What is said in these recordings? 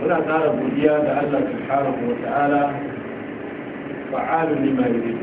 muna ƙara godiya ga Allah subhanahu wa ta'ala fa'alun lima yuri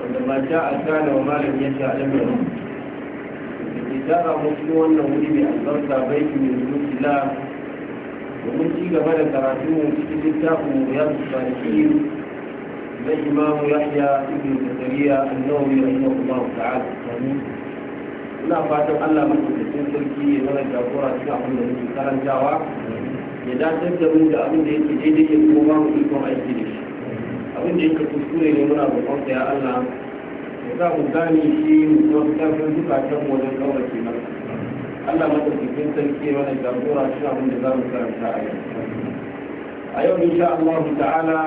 wanda ma sha a kana wa malam ya sha alamiru da ke tara mutu wannan wuri mai albarka bai ki mai zuciya domin ci gaba da karatu cikin littafin mu ya su salihin na imamu yahya ibn zakariya annawi rahimahullahu ta'ala ina fatan Allah mutum da sarki ya zama jagora cikin abin da muke karantawa ya dace da mu da abin da yake daidai ya kuma ba mu ikon aiki da shi abin da yake kuskure ne muna roƙon ya Allah ya sa mu gane shi mu kuma fitar da zukatan wajen kaurace masa Allah madaukakin sarki ya mana jagora shi abin da za mu karanta a yau a yau insha Allah ta'ala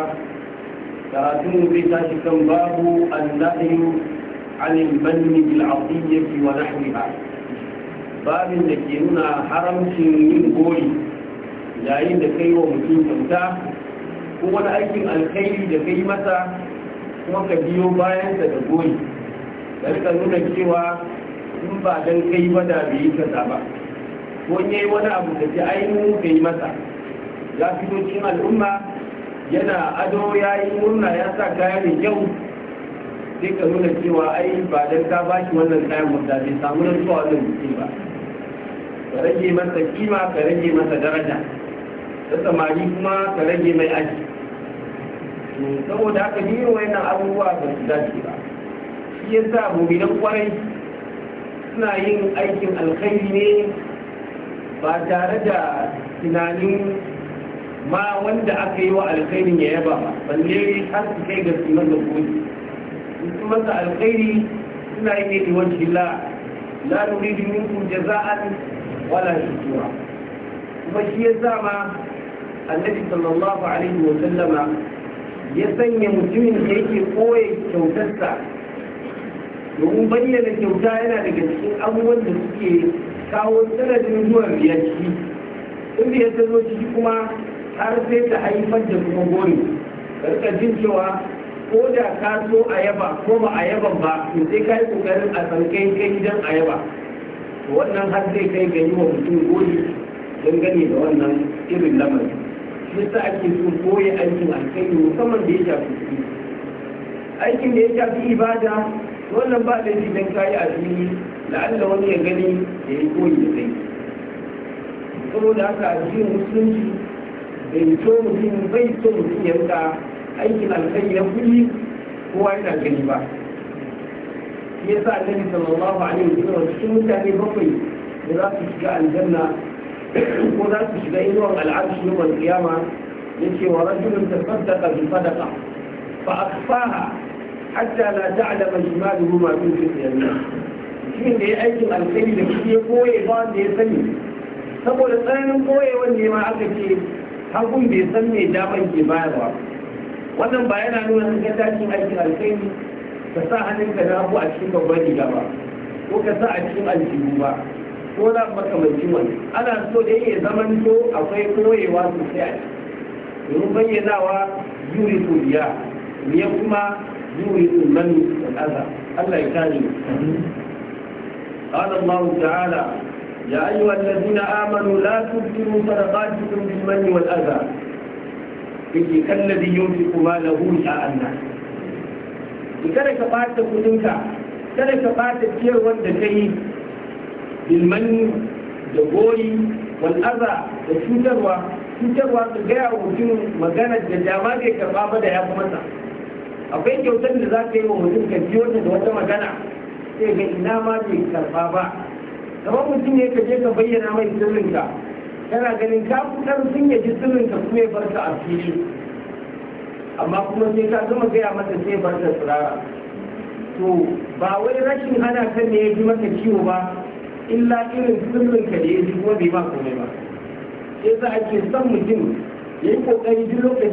karatun zai tashi kan babu annahiyu عن المن بالعطية ونحوها باب لكينا حرم سنين قولي yayin da kai wa mutum kyauta ko wani aikin alkhairi da kai masa kuma ka biyo bayan da goyi da rika nuna cewa in ba dan kai ba da bai yi kasa ba ko yayi wani abu da ta ainihin kai masa ya fito cikin al'umma yana ado ya yi murna ya sa kaya mai kyau sai ka nuna cewa ai ba dan ka ba shi wannan kayan wanda bai samu na zuwa wannan ba ka rage masa kima ka rage masa daraja da samari kuma ka rage mai aji saboda haka biyu yana abubuwa da su dace ba shi ya sa bobinan kwarai suna yin aikin alkhairi ne ba tare da tunanin ma wanda aka yi wa alkhairin ya yaba ba balle har su kai ga su masa su masa alkhairi suna yi ne da wani la la nuridu jaza'an wala shukura kuma shi ya sa ma annabi sallallahu alaihi wa sallama ya sanya mutumin da yake koya kyautarsa domin bayyana kyauta yana daga cikin abubuwan da suke kawo sanadin zuwan riya ciki ya ta zo ciki kuma har sai ta haifar da kuma gori karka jin cewa ko da ka so a yaba ko ba a yaba ba to sai ka yi kokarin a san kai gidan a yaba wannan har zai kai ga yi wa mutum gori dangane da wannan irin lamarin yasa ake so koya aikin alkhairi musamman da ya shafi aikin da ya shafi ibada wannan ba laifi don kayi a fili la'alla wani ya gani da ya koyi da kai saboda haka addinin musulunci bai so mutum bai so mutum ya rika aikin alkhairi na kulli kowa yana gani ba yasa annabi sallallahu alaihi wasallam cikin mutane bakwai da za su shiga aljanna ko za su shiga inuwan al'arshi yawan kiyama ya ce wa rajulun tasaddaka bi sadaqa fa akfaha na la ta'lama shimaluhu ma tunfiqu yamin mutumin da ya aikin alkhairi da shi ya koye ba wanda ya sani saboda tsananin koye wanda ma aka ce hagun bai san me daman ke bayarwa wannan ba yana nuna sun ga tashin aikin alkhairi ka sa ka na abu a cikin babban riga ba ko ka sa a cikin aljihu ba ko na makamancin wani ana so da ya zama to akwai koyewa sosai a ciki domin bayyanawa yuri kuriya ya kuma yuri ulmani da ƙasa allah ya kare قال الله تعالى يا أيها الذين آمنوا لا تبطلوا صدقاتكم بالمن والأذى yake kallabi yunfi kuma na huta Allah. Kada ka ɓata kudinka, kada ka ɓata ciyarwar da ka yi bilmani da gori wal'aza da cutarwa cutarwa su gaya wa mutum magana da dama bai karɓa ba da ya fi masa akwai kyautar da za ka yi wa mutum ka wata da wata magana sai ga ina ma bai karɓa ba kamar mutum ne ka je ka bayyana mai sirrinka kana ganin ka fi ƙarfin ya ji sirrinka kuma ya barka a fili amma kuma sai ka gama gaya masa sai da tsirara to ba wai rashin hana kan ne ya ji maka ciwo ba illa irin sirrin ka shi ya ji kuma bai ba komai ba sai za a ke son mutum ya yi kokari duk lokacin